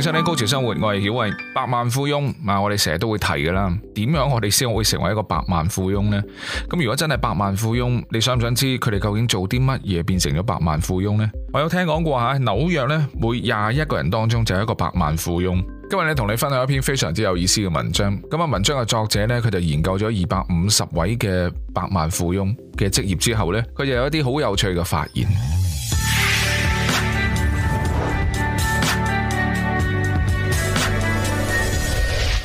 講起高潮生活，我係曉慧，百萬富翁啊！我哋成日都會提噶啦，點樣我哋先會成為一個百萬富翁呢？咁如果真係百萬富翁，你想唔想知佢哋究竟做啲乜嘢變成咗百萬富翁呢？我有聽講過吓，紐約咧每廿一個人當中就有一個百萬富翁。今日我同你分享一篇非常之有意思嘅文章。咁啊，文章嘅作者呢，佢就研究咗二百五十位嘅百萬富翁嘅職業之後呢，佢就有一啲好有趣嘅發現。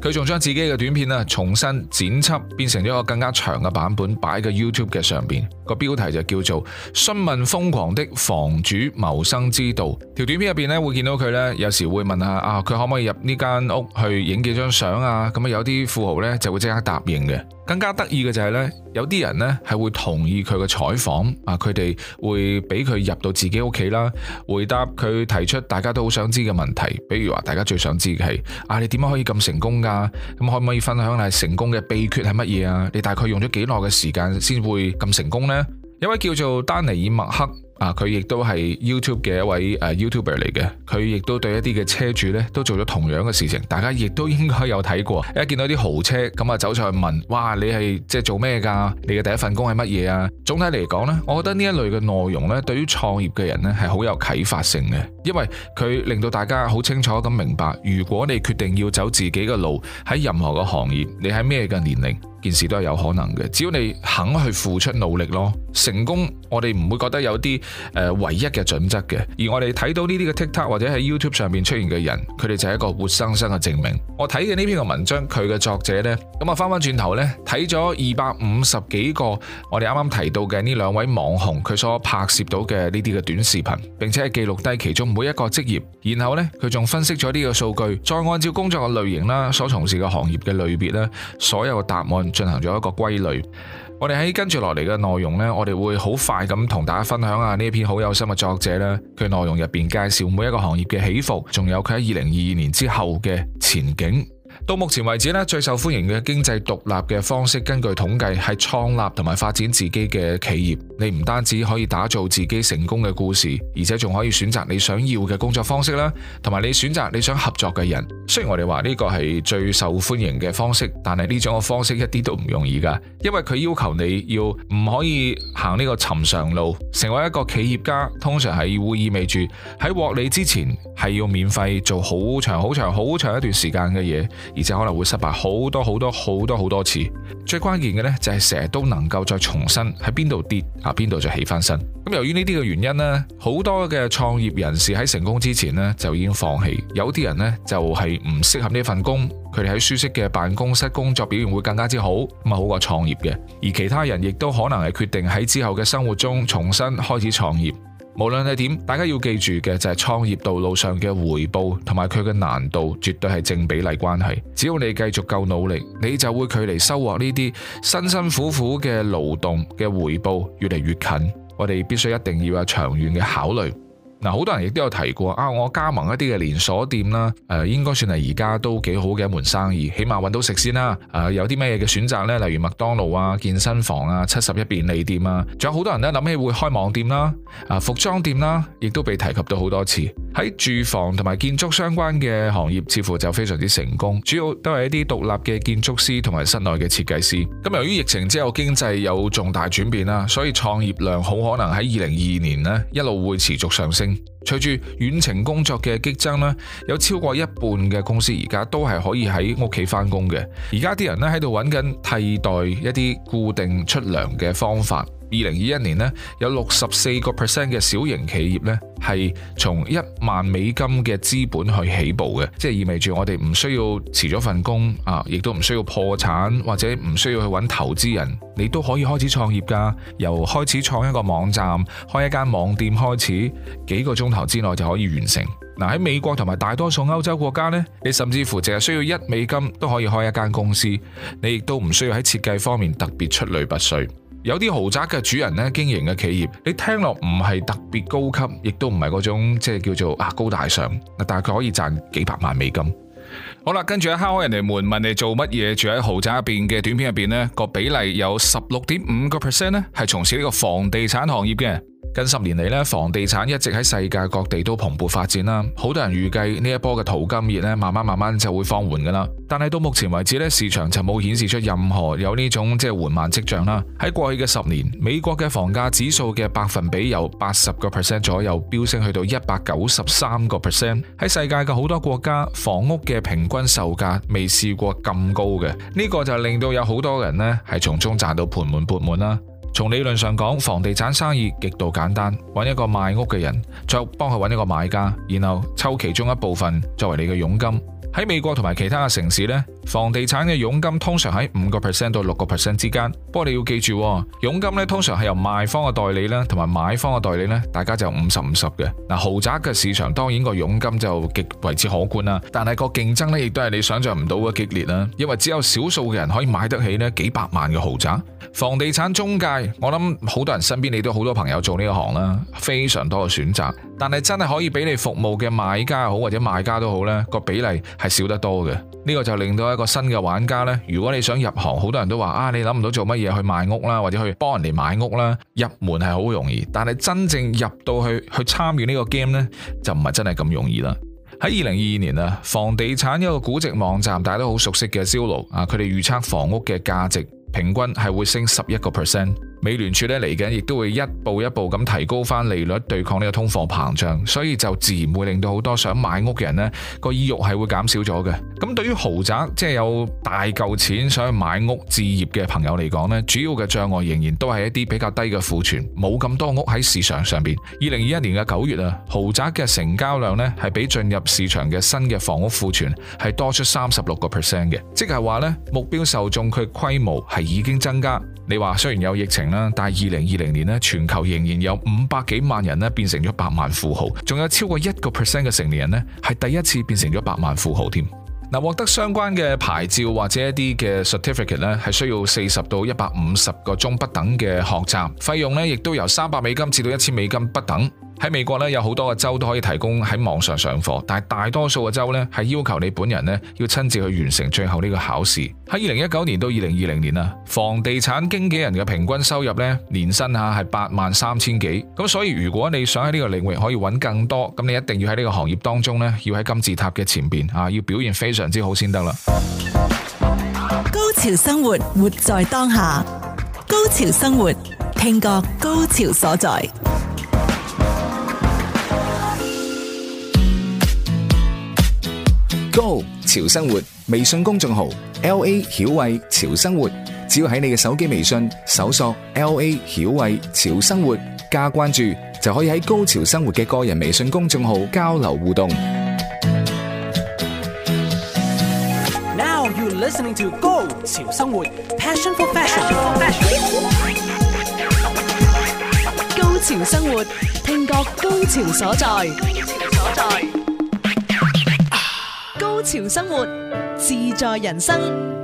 佢仲將自己嘅短片咧重新剪輯，變成咗一個更加長嘅版本，擺喺 YouTube 嘅上邊。個標題就叫做《詢問瘋狂的房主謀生之道》。條短片入邊咧，會見到佢咧，有時會問下啊，佢可唔可以入呢間屋去影幾張相啊？咁啊，有啲富豪咧就會即刻答應嘅。更加得意嘅就係呢，有啲人呢係會同意佢嘅採訪啊，佢哋會俾佢入到自己屋企啦，回答佢提出大家都好想知嘅問題，比如話大家最想知嘅係啊，你點樣可以咁成功噶？咁可唔可以分享下成功嘅秘訣係乜嘢啊？你大概用咗幾耐嘅時間先會咁成功呢？一位叫做丹尼爾麥克。啊！佢亦都係 YouTube 嘅一位誒 YouTuber 嚟嘅，佢亦都對一啲嘅車主呢都做咗同樣嘅事情，大家亦都應該有睇過。一見到啲豪車，咁啊走上去問，哇！你係即係做咩㗎？你嘅第一份工係乜嘢啊？總體嚟講呢我覺得呢一類嘅內容呢，對於創業嘅人呢係好有啟發性嘅，因為佢令到大家好清楚咁明白，如果你決定要走自己嘅路，喺任何個行業，你喺咩嘅年齡，件事都係有可能嘅，只要你肯去付出努力咯。成功，我哋唔會覺得有啲誒、呃、唯一嘅準則嘅。而我哋睇到呢啲嘅 TikTok 或者喺 YouTube 上面出現嘅人，佢哋就係一個活生生嘅證明。我睇嘅呢篇嘅文章，佢嘅作者咧，咁啊翻翻轉頭咧，睇咗二百五十幾個我哋啱啱提到嘅呢兩位網紅，佢所拍攝到嘅呢啲嘅短視頻，並且係記錄低其中每一個職業，然後咧佢仲分析咗呢個數據，再按照工作嘅類型啦，所從事嘅行業嘅類別咧，所有答案。進行咗一個歸類，我哋喺跟住落嚟嘅內容呢，我哋會好快咁同大家分享下，呢一篇好有心嘅作者呢，佢內容入邊介紹每一個行業嘅起伏，仲有佢喺二零二二年之後嘅前景。到目前為止咧，最受歡迎嘅經濟獨立嘅方式，根據統計係創立同埋發展自己嘅企業。你唔單止可以打造自己成功嘅故事，而且仲可以選擇你想要嘅工作方式啦，同埋你選擇你想合作嘅人。雖然我哋話呢個係最受歡迎嘅方式，但係呢種嘅方式一啲都唔容易噶，因為佢要求你要唔可以行呢個尋常路，成為一個企業家，通常係會意味住喺獲利之前係要免費做好長好長好長長一段時間嘅嘢。而且可能會失敗好多好多好多好多次，最關鍵嘅呢，就係成日都能夠再重新喺邊度跌啊，邊度就起翻身。咁由於呢啲嘅原因呢，好多嘅創業人士喺成功之前呢，就已經放棄。有啲人呢，就係唔適合呢份工，佢哋喺舒適嘅辦公室工作表現會更加之好，咁啊好過創業嘅。而其他人亦都可能係決定喺之後嘅生活中重新開始創業。無論係點，大家要記住嘅就係創業道路上嘅回報同埋佢嘅難度，絕對係正比例關係。只要你繼續夠努力，你就會距離收穫呢啲辛辛苦苦嘅勞動嘅回報越嚟越近。我哋必須一定要有長遠嘅考慮。嗱，好多人亦都有提過啊！我加盟一啲嘅連鎖店啦，誒、啊、應該算係而家都幾好嘅一門生意，起碼揾到食先啦、啊。誒、啊、有啲咩嘢嘅選擇呢？例如麥當勞啊、健身房啊、七十一便利店啊，仲有好多人呢諗起會開網店啦、啊服裝店啦、啊，亦都被提及到好多次。喺住房同埋建築相關嘅行業，似乎就非常之成功，主要都係一啲獨立嘅建築師同埋室內嘅設計師。咁由於疫情之後經濟有重大轉變啦，所以創業量好可能喺二零二二年呢一路會持續上升。隨住遠程工作嘅激增啦，有超過一半嘅公司而家都係可以喺屋企翻工嘅。而家啲人呢喺度揾緊替代一啲固定出糧嘅方法。二零二一年呢，有六十四個 percent 嘅小型企業呢，係從一萬美金嘅資本去起步嘅，即係意味住我哋唔需要辭咗份工啊，亦都唔需要破產，或者唔需要去揾投資人，你都可以開始創業噶，由開始創一個網站、開一間網店開始，幾個鐘頭之內就可以完成。嗱，喺美國同埋大多數歐洲國家呢，你甚至乎淨係需要一美金都可以開一間公司，你亦都唔需要喺設計方面特別出類拔萃。有啲豪宅嘅主人咧，經營嘅企業，你聽落唔係特別高級，亦都唔係嗰種即係叫做啊高大上，大概可以賺幾百萬美金。好啦，跟住喺敲開人哋門問你做乜嘢、住喺豪宅入邊嘅短片入邊咧，個比例有十六點五個 percent 咧，係從事呢個房地產行業嘅。近十年嚟咧，房地產一直喺世界各地都蓬勃發展啦。好多人預計呢一波嘅淘金熱咧，慢慢慢慢就會放緩噶啦。但係到目前為止咧，市場就冇顯示出任何有呢種即係緩慢跡象啦。喺過去嘅十年，美國嘅房價指數嘅百分比由八十個 percent 左右飆升去到一百九十三個 percent。喺世界嘅好多國家，房屋嘅平均售價未試過咁高嘅。呢、呢個就令到有好多人呢，係從中賺到盆滿缽滿啦。從理論上講，房地產生意極度簡單，揾一個賣屋嘅人，再幫佢揾一個買家，然後抽其中一部分作為你嘅佣金。喺美國同埋其他嘅城市呢。房地產嘅佣金通常喺五個 percent 到六個 percent 之間，不過你要記住，佣金咧通常係由賣方嘅代理啦，同埋買方嘅代理咧，大家就五十五十嘅。嗱，豪宅嘅市場當然個佣金就極為之可觀啦，但係個競爭咧亦都係你想象唔到嘅激烈啦，因為只有少數嘅人可以買得起呢幾百萬嘅豪宅。房地產中介，我諗好多人身邊你都好多朋友做呢一行啦，非常多嘅選擇，但係真係可以俾你服務嘅買家好或者賣家都好咧，個比例係少得多嘅。呢個就令到一。個新嘅玩家呢，如果你想入行，好多人都話啊，你諗唔到做乜嘢去賣屋啦，或者去幫人哋買屋啦。入門係好容易，但係真正入到去去參與呢個 game 呢，就唔係真係咁容易啦。喺二零二二年啊，房地產一個估值網站大家都好熟悉嘅，Zillow 啊，佢哋預測房屋嘅價值平均係會升十一個 percent。.美聯儲咧，嚟緊，亦都會一步一步咁提高翻利率，對抗呢個通貨膨脹，所以就自然會令到好多想買屋嘅人呢個意欲係會減少咗嘅。咁對於豪宅即係、就是、有大嚿錢想去買屋置業嘅朋友嚟講呢，主要嘅障礙仍然都係一啲比較低嘅庫存，冇咁多屋喺市場上邊。二零二一年嘅九月啊，豪宅嘅成交量呢係比進入市場嘅新嘅房屋庫存係多出三十六個 percent 嘅，即係話呢，目標受眾佢規模係已經增加。你話雖然有疫情，但係二零二零年咧，全球仍然有五百幾萬人咧變成咗百萬富豪，仲有超過一個 percent 嘅成年人咧係第一次變成咗百萬富豪添。嗱，獲得相關嘅牌照或者一啲嘅 certificate 咧，係需要四十到一百五十個鐘不等嘅學習，費用咧亦都由三百美金至到一千美金不等。喺美國咧，有好多個州都可以提供喺網上上課，但係大多數嘅州咧係要求你本人咧要親自去完成最後呢個考試。喺二零一九年到二零二零年啊，房地產經紀人嘅平均收入咧年薪吓係八萬三千幾。咁所以如果你想喺呢個領域可以揾更多，咁你一定要喺呢個行業當中咧要喺金字塔嘅前面啊，要表現非常之好先得啦。高潮生活活在當下，高潮生活聽過高潮所在。高潮生活微信公眾號 L A 曉慧潮生活，只要喺你嘅手機微信搜索 L A 曉慧潮生活加關注，就可以喺高潮生活嘅個人微信公眾號交流互動。Now you're listening to 高潮生活，Passion for fashion。高潮生活，聽覺高潮所在。好潮生活，自在人生。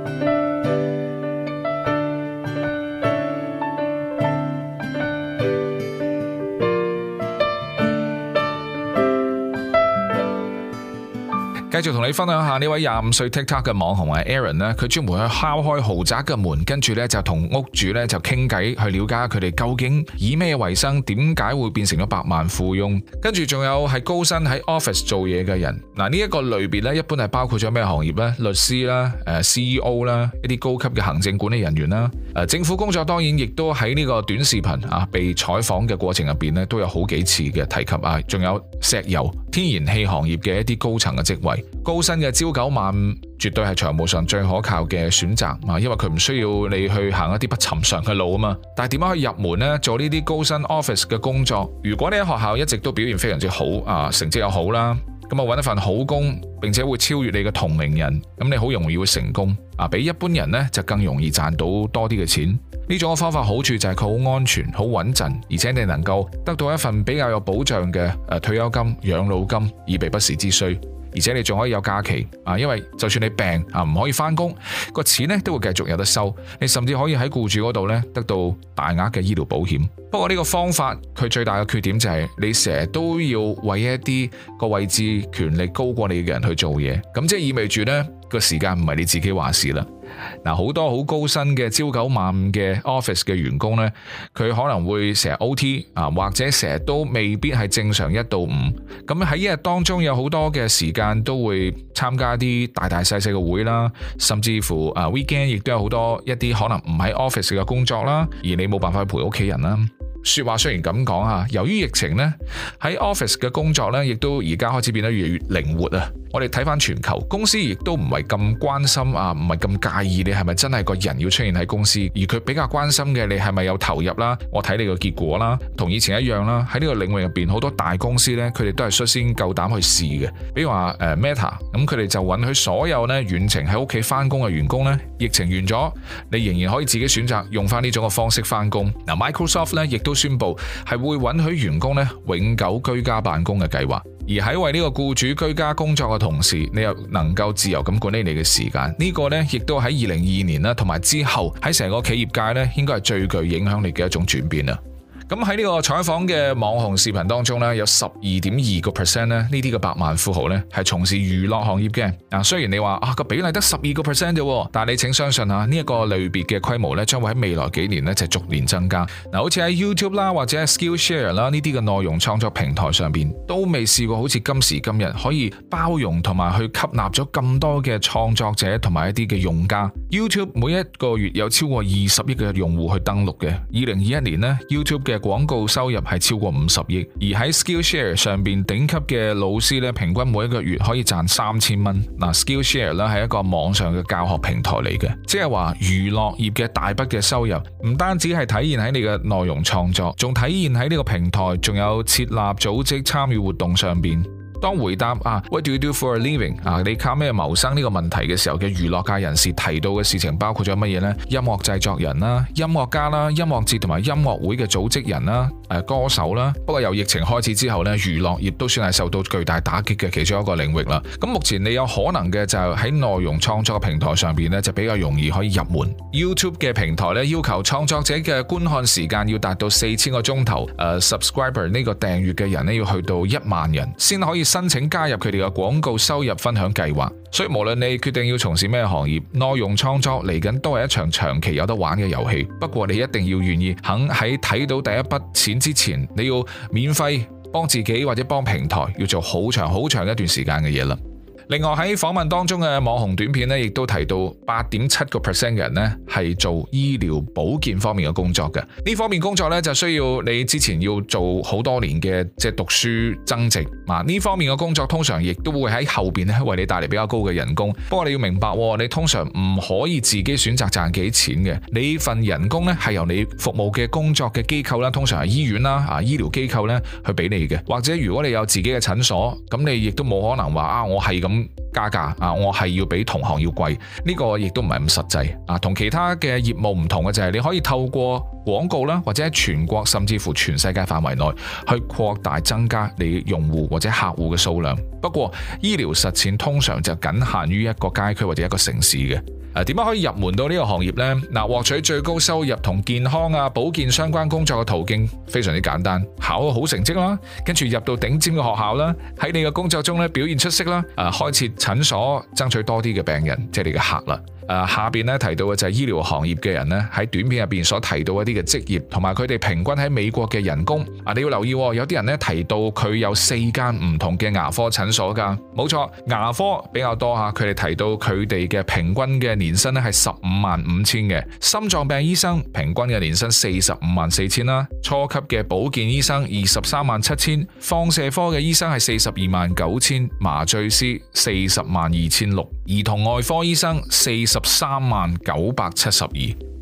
繼續同你分享下呢位廿五歲 TikTok 嘅網紅啊 Aaron 咧，佢專門去敲開豪宅嘅門，跟住呢就同屋主呢就傾偈，去了解佢哋究竟以咩為生，點解會變成咗百萬富翁？跟住仲有係高薪喺 office 做嘢嘅人。嗱，呢一個類別呢，一般係包括咗咩行業呢？律師啦，誒，CEO 啦，一啲高級嘅行政管理人員啦。政府工作當然亦都喺呢個短視頻啊，被採訪嘅過程入邊咧，都有好幾次嘅提及啊。仲有石油、天然氣行業嘅一啲高層嘅職位，高薪嘅朝九晚五，絕對係財務上最可靠嘅選擇啊！因為佢唔需要你去行一啲不尋常嘅路啊嘛。但係點樣可以入門咧？做呢啲高薪 office 嘅工作，如果你喺學校一直都表現非常之好啊，成績又好啦。咁啊，搵一份好工，並且會超越你嘅同齡人，咁你好容易會成功啊，比一般人呢就更容易賺到多啲嘅錢。呢種方法好處就係佢好安全、好穩陣，而且你能夠得到一份比較有保障嘅退休金、養老金，以備不時之需。而且你仲可以有假期啊，因為就算你病啊唔可以翻工，個錢呢都會繼續有得收。你甚至可以喺僱主嗰度呢得到大額嘅醫療保險。不過呢個方法佢最大嘅缺點就係你成日都要為一啲個位置權力高過你嘅人去做嘢，咁即係意味住呢個時間唔係你自己話事啦。嗱，好多好高薪嘅朝九晚五嘅 office 嘅員工呢，佢可能會成日 OT 啊，或者成日都未必係正常一到五。咁喺一日當中有好多嘅時間都會參加啲大大細細嘅會啦，甚至乎啊 weekend 亦都有好多一啲可能唔喺 office 嘅工作啦，而你冇辦法去陪屋企人啦。説話雖然咁講啊，由於疫情呢，喺 Office 嘅工作呢，亦都而家開始變得越嚟越靈活啊！我哋睇翻全球公司，亦都唔係咁關心啊，唔係咁介意你係咪真係個人要出現喺公司，而佢比較關心嘅你係咪有投入啦，我睇你個結果啦。同以前一樣啦，喺呢個領域入邊，好多大公司呢，佢哋都係率先夠膽去試嘅。比如話誒 Meta，咁佢哋就允許所有呢遠程喺屋企翻工嘅員工呢，疫情完咗，你仍然可以自己選擇用翻呢種嘅方式翻工。嗱 Microsoft 呢，亦都。宣佈係會允許員工咧永久居家辦公嘅計劃，而喺為呢個僱主居家工作嘅同時，你又能夠自由咁管理你嘅時間，呢、這個呢，亦都喺二零二二年啦，同埋之後喺成個企業界呢，應該係最具影響力嘅一種轉變啦。咁喺呢個採訪嘅網紅視頻當中咧，有十二點二個 percent 咧，呢啲嘅百萬富豪咧係從事娛樂行業嘅。嗱，雖然你話啊個比例得十二個 percent 咋，但係你請相信啊，呢一個類別嘅規模咧，將會喺未來幾年咧就逐年增加。嗱，好似喺 YouTube 啦，或者 Skillshare 啦，呢啲嘅內容創作平台上邊都未試過好似今時今日可以包容同埋去吸納咗咁多嘅創作者同埋一啲嘅用家。YouTube 每一個月有超過二十億嘅用戶去登錄嘅，二零二一年呢，YouTube 嘅廣告收入係超過五十億，而喺 Skillshare 上邊頂級嘅老師咧，平均每一個月可以賺三千蚊。嗱，Skillshare 咧係一個網上嘅教學平台嚟嘅，即係話娛樂業嘅大筆嘅收入，唔單止係體現喺你嘅內容創作，仲體現喺呢個平台，仲有設立組織參與活動上邊。當回答啊，What do you do for a living？啊，你靠咩謀生呢個問題嘅時候，嘅娛樂界人士提到嘅事情包括咗乜嘢呢？音樂製作人啦，音樂家啦，音樂節同埋音樂會嘅組織人啦。歌手啦，不過由疫情開始之後呢，娛樂業都算係受到巨大打擊嘅其中一個領域啦。咁目前你有可能嘅就喺內容創作嘅平台上邊呢，就比較容易可以入門。YouTube 嘅平台呢，要求創作者嘅觀看時間要達到四千個鐘頭，uh, Subscriber 呢個訂閱嘅人呢，要去到一萬人，先可以申請加入佢哋嘅廣告收入分享計劃。所以無論你決定要從事咩行業，內容創作嚟緊都係一場長期有得玩嘅遊戲。不過你一定要願意肯喺睇到第一筆之前你要免費幫自己或者幫平台，要做好長好長一段時間嘅嘢啦。另外喺訪問當中嘅網紅短片呢，亦都提到八點七個 percent 嘅人呢，係做醫療保健方面嘅工作嘅。呢方面工作呢，就需要你之前要做好多年嘅即係讀書增值。嗱，呢方面嘅工作通常亦都會喺後邊呢，為你帶嚟比較高嘅人工。不過你要明白，你通常唔可以自己選擇賺幾錢嘅。你份人工呢，係由你服務嘅工作嘅機構啦，通常係醫院啦、啊醫療機構呢，去俾你嘅。或者如果你有自己嘅診所，咁你亦都冇可能話啊我係咁。加價啊，我係要比同行要貴，呢個亦都唔係咁實際啊。同其他嘅業務唔同嘅就係，你可以透過廣告啦，或者喺全國甚至乎全世界範圍內去擴大增加你用戶或者客戶嘅數量。不過醫療實踐通常就僅限於一個街區或者一個城市嘅。誒，點樣可以入門到呢個行業呢？嗱，獲取最高收入同健康啊保健相關工作嘅途徑非常之簡單，考個好成績啦，跟住入到頂尖嘅學校啦，喺你嘅工作中咧表現出色啦，誒。開設診所，爭取多啲嘅病人，即係你嘅客啦。下邊呢提到嘅就係醫療行業嘅人呢，喺短片入邊所提到一啲嘅職業，同埋佢哋平均喺美國嘅人工。啊，你要留意，有啲人呢提到佢有四間唔同嘅牙科診所㗎，冇錯，牙科比較多吓。佢哋提到佢哋嘅平均嘅年薪呢係十五萬五千嘅，心臟病醫生平均嘅年薪四十五萬四千啦，初級嘅保健醫生二十三萬七千，放射科嘅醫生係四十二萬九千，麻醉師四十萬二千六，兒童外科醫生四十三萬九百七十二，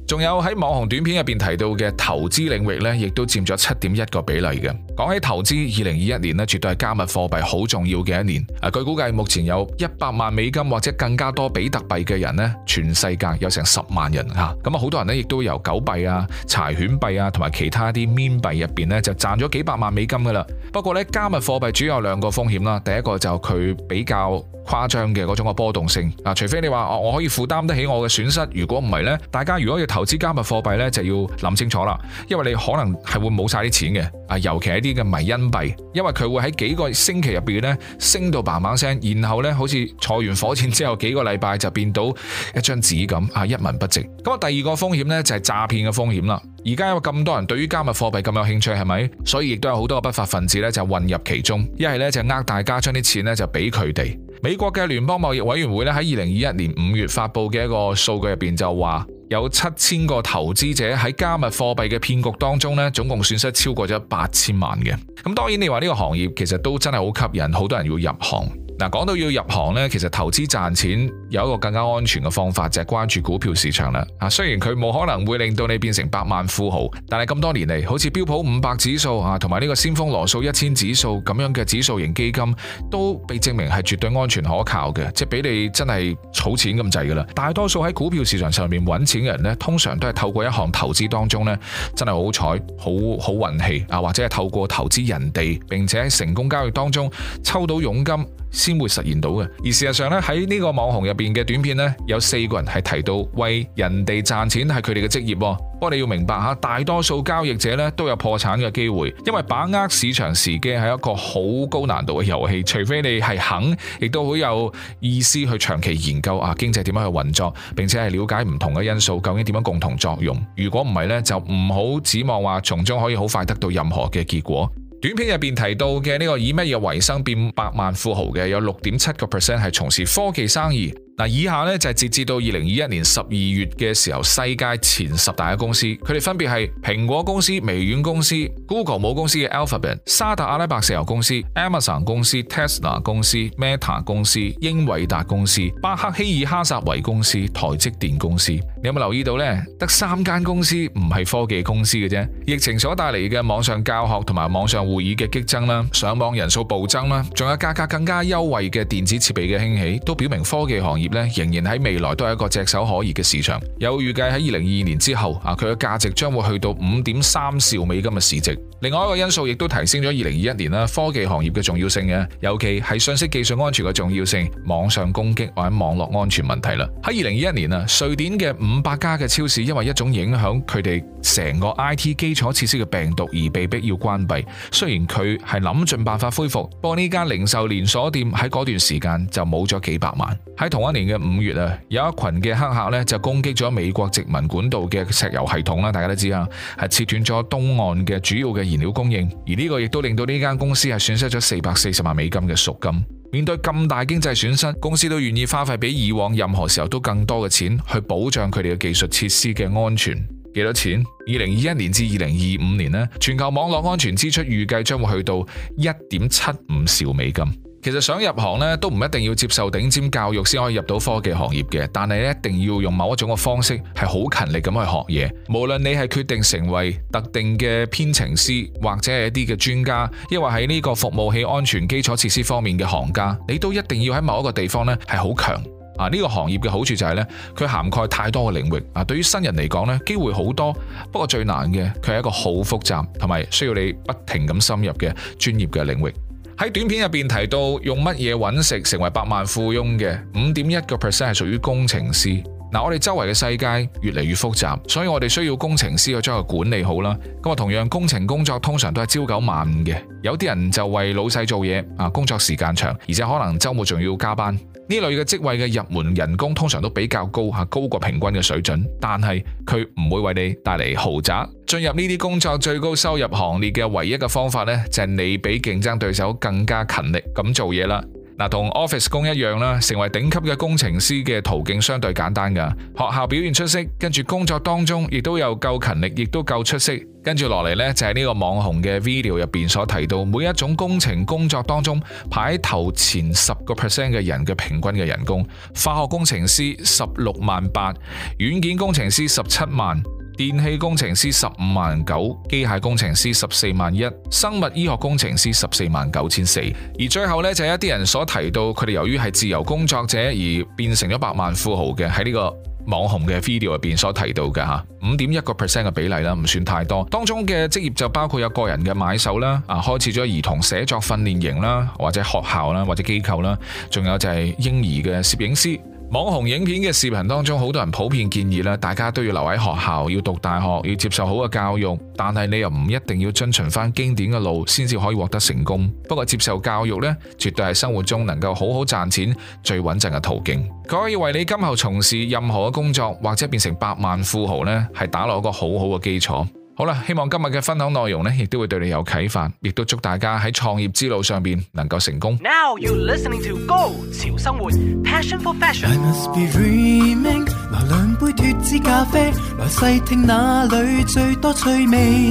仲有喺網紅短片入邊提到嘅投資領域呢，亦都佔咗七點一個比例嘅。講起投資，二零二一年咧，絕對係加密貨幣好重要嘅一年。啊，據估計目前有一百萬美金或者更加多比特幣嘅人咧，全世界有成十萬人吓。咁啊，好多人咧亦都由狗幣啊、柴犬幣啊同埋其他啲面幣入邊咧，就賺咗幾百萬美金噶啦。不過咧，加密貨幣主要有兩個風險啦。第一個就佢比較誇張嘅嗰種嘅波動性。啊，除非你話哦，我可以負擔得起我嘅損失。如果唔係咧，大家如果要投資加密貨幣咧，就要諗清楚啦，因為你可能係會冇晒啲錢嘅。啊，尤其係啲嘅迷因幣，因為佢會喺幾個星期入邊呢升到嘭嘭聲，然後呢好似坐完火箭之後幾個禮拜就變到一張紙咁，係一文不值。咁啊，第二個風險呢，就係詐騙嘅風險啦。而家有咁多人對於加密貨幣咁有興趣，係咪？所以亦都有好多嘅不法分子呢，就混入其中，一係呢，就呃大家將啲錢呢，就俾佢哋。美國嘅聯邦貿易委員會呢，喺二零二一年五月發布嘅一個數據入邊就話。有七千個投資者喺加密貨幣嘅騙局當中呢，總共損失超過咗八千萬嘅。咁當然，你話呢個行業其實都真係好吸引，好多人要入行。嗱，講到要入行咧，其實投資賺錢有一個更加安全嘅方法，就係關注股票市場啦。啊，雖然佢冇可能會令到你變成百萬富豪，但係咁多年嚟，好似標普五百指數啊，同埋呢個先鋒羅素一千指數咁樣嘅指數型基金，都被證明係絕對安全可靠嘅，即係俾你真係儲錢咁滯噶啦。大多數喺股票市場上面揾錢嘅人咧，通常都係透過一項投資當中咧，真係好彩好好運氣啊，或者係透過投資人哋，並且喺成功交易當中抽到佣金。先會實現到嘅。而事實上咧，喺呢個網紅入邊嘅短片呢，有四個人係提到為人哋賺錢係佢哋嘅職業。不過你要明白吓，大多數交易者呢，都有破產嘅機會，因為把握市場時機係一個好高難度嘅遊戲，除非你係肯，亦都好有意思去長期研究啊，經濟點樣去運作，並且係了解唔同嘅因素究竟點樣共同作用。如果唔係呢，就唔好指望話從中可以好快得到任何嘅結果。短片入面提到嘅呢個以咩嘢為生變百萬富豪嘅，有六點七個 percent 係從事科技生意。嗱，以下咧，就係截至到二零二一年十二月嘅時候，世界前十大嘅公司，佢哋分別係蘋果公司、微軟公司、Google 母公司嘅 Alphabet、沙特阿拉伯石油公司、Amazon 公司、Tesla 公司、Meta 公司、英偉達公司、巴克希爾哈撒韋公司、台積電公司。你有冇留意到呢？得三間公司唔係科技公司嘅啫。疫情所帶嚟嘅網上教學同埋網上會議嘅激增啦，上網人數暴增啦，仲有價格更加優惠嘅電子設備嘅興起，都表明科技行業。業咧仍然喺未來都係一個炙手可熱嘅市場，有預計喺二零二二年之後啊，佢嘅價值將會去到五點三兆美金嘅市值。另外一個因素亦都提升咗二零二一年啦，科技行業嘅重要性嘅，尤其係信息技術安全嘅重要性、網上攻擊或者網絡安全問題啦。喺二零二一年啊，瑞典嘅五百家嘅超市因為一種影響佢哋成個 IT 基礎設施嘅病毒而被迫要關閉，雖然佢係諗盡辦法恢復，不過呢間零售連鎖店喺嗰段時間就冇咗幾百萬。喺同安。今年嘅五月啊，有一群嘅黑客咧就攻擊咗美國殖民管道嘅石油系統啦，大家都知啊，係切斷咗東岸嘅主要嘅燃料供應，而呢個亦都令到呢間公司係損失咗四百四十萬美金嘅贖金。面對咁大經濟損失，公司都願意花費比以往任何時候都更多嘅錢去保障佢哋嘅技術設施嘅安全。幾多錢？二零二一年至二零二五年咧，全球網絡安全支出預計將會去到一點七五兆美金。其實想入行咧，都唔一定要接受頂尖教育先可以入到科技行業嘅，但係一定要用某一種嘅方式，係好勤力咁去學嘢。無論你係決定成為特定嘅編程師，或者係一啲嘅專家，因為喺呢個服務器安全基礎設施方面嘅行家，你都一定要喺某一個地方呢係好強啊！呢個行業嘅好處就係呢，佢涵蓋太多嘅領域啊。對於新人嚟講咧，機會好多。不過最難嘅，佢係一個好複雜，同埋需要你不停咁深入嘅專業嘅領域。喺短片入邊提到用乜嘢揾食成為百萬富翁嘅五點一個 percent 係屬於工程師。嗱、嗯，我哋周圍嘅世界越嚟越複雜，所以我哋需要工程師去將佢管理好啦。咁啊，同樣工程工作通常都係朝九晚五嘅，有啲人就為老細做嘢啊，工作時間長，而且可能周末仲要加班。呢類嘅職位嘅入門人工通常都比較高吓，高過平均嘅水準。但係佢唔會為你帶嚟豪宅。進入呢啲工作最高收入行列嘅唯一嘅方法呢，就係你比競爭對手更加勤力咁做嘢啦。同 office 工一樣啦，成為頂級嘅工程師嘅途徑相對簡單噶。學校表現出色，跟住工作當中亦都有夠勤力，亦都夠出色。跟住落嚟呢，就係呢個網紅嘅 video 入邊所提到，每一種工程工作當中排頭前十個 percent 嘅人嘅平均嘅人工，化學工程師十六萬八，軟件工程師十七萬。電器工程師十五萬九，機械工程師十四萬一，生物醫學工程師十四萬九千四，而最後呢，就係一啲人所提到，佢哋由於係自由工作者而變成咗百萬富豪嘅，喺呢個網紅嘅 video 入邊所提到嘅吓，五點一個 percent 嘅比例啦，唔算太多。當中嘅職業就包括有個人嘅買手啦，啊，開始咗兒童寫作訓練營啦，或者學校啦，或者機構啦，仲有就係嬰兒嘅攝影師。網紅影片嘅視頻當中，好多人普遍建議咧，大家都要留喺學校，要讀大學，要接受好嘅教育。但係你又唔一定要遵循翻經典嘅路，先至可以獲得成功。不過接受教育呢，絕對係生活中能夠好好賺錢最穩陣嘅途徑。佢可以為你今後從事任何嘅工作，或者變成百萬富豪呢，係打落一個好好嘅基礎。好啦，希望今日嘅分享內容呢，亦都會對你有啟發，亦都祝大家喺創業之路上邊能夠成功。Now you listening to 高潮生活，Passion for fashion。I must be dreaming，來兩杯脫脂咖啡，來細聽哪裏最多趣味，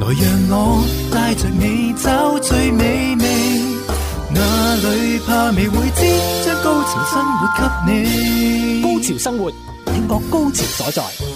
來讓我帶着你找最美味，哪裏怕未會知，將高潮生活給你。高潮生活，聽過高潮所在。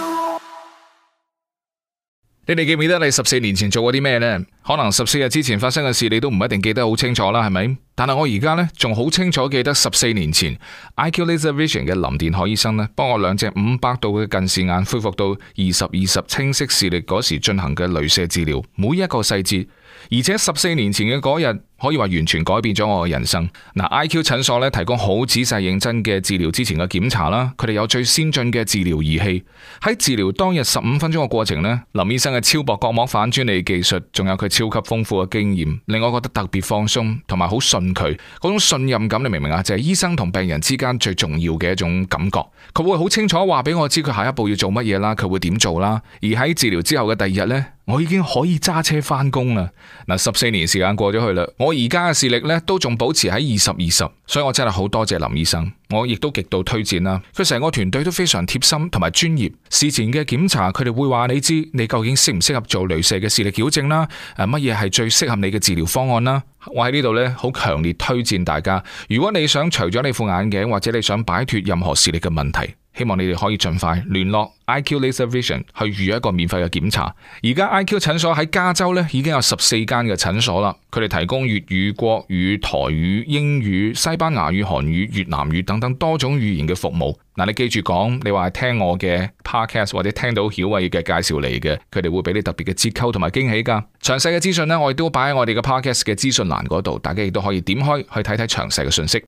你哋記唔記得你十四年前做過啲咩呢？可能十四日之前發生嘅事，你都唔一定記得好清楚啦，係咪？但係我而家呢，仲好清楚記得十四年前 IQ Laser Vision 嘅林電海醫生咧，幫我兩隻五百度嘅近視眼恢復到二十二十清晰視力嗰時進行嘅鐳射治療，每一個細節。而且十四年前嘅嗰日，可以話完全改變咗我嘅人生。嗱，IQ 診所咧提供好仔細認真嘅治療，之前嘅檢查啦，佢哋有最先進嘅治療儀器。喺治療當日十五分鐘嘅過程咧，林醫生嘅超薄角膜反專利技術，仲有佢超級豐富嘅經驗，令我覺得特別放鬆，同埋好信佢嗰種信任感。你明唔明啊？就係醫生同病人之間最重要嘅一種感覺。佢會好清楚話俾我知佢下一步要做乜嘢啦，佢會點做啦。而喺治療之後嘅第二日呢。我已經可以揸車翻工啦！嗱，十四年時間過咗去啦，我而家嘅視力呢都仲保持喺二十二十，20，所以我真係好多謝林醫生，我亦都極度推薦啦。佢成個團隊都非常貼心同埋專業，事前嘅檢查佢哋會話你知你究竟適唔適合做雷射嘅視力矯正啦，乜嘢係最適合你嘅治療方案啦。我喺呢度呢，好強烈推薦大家，如果你想除咗你副眼鏡，或者你想擺脫任何視力嘅問題。希望你哋可以盡快聯絡 IQ Laser Vision 去預一個免費嘅檢查。而家 IQ 診所喺加州呢已經有十四間嘅診所啦，佢哋提供粵語、國語、台語、英語、西班牙語、韓語、越南語等等多種語言嘅服務。嗱，你記住講，你話係聽我嘅 podcast 或者聽到曉偉嘅介紹嚟嘅，佢哋會俾你特別嘅折扣同埋驚喜㗎。詳細嘅資訊呢，我亦都擺喺我哋嘅 podcast 嘅資訊欄嗰度，大家亦都可以點開去睇睇詳細嘅信息。